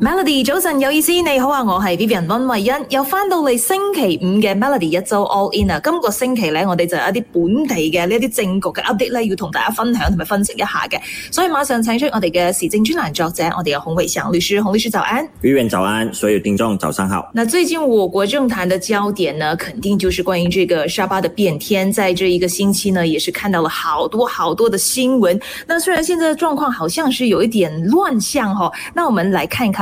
Melody 早晨有意思，你好啊！我係 Vivian 溫慧欣，又翻到嚟星期五嘅 Melody 一周 All In 啊！今個星期咧，我哋就有一啲本地嘅呢啲政局嘅 update 咧，要同大家分享同埋分析一下嘅，所以馬上請出我哋嘅時政專欄作者，我哋嘅洪偉祥律師，洪律師早安，Vivian 早安，所有聽眾早上好。那最近我國政壇的焦點呢，肯定就是關於這個沙巴的變天，在這一個星期呢，也是看到了好多好多的新聞。那雖然現在的狀況好像是有一點亂象吼，那我們來看一看。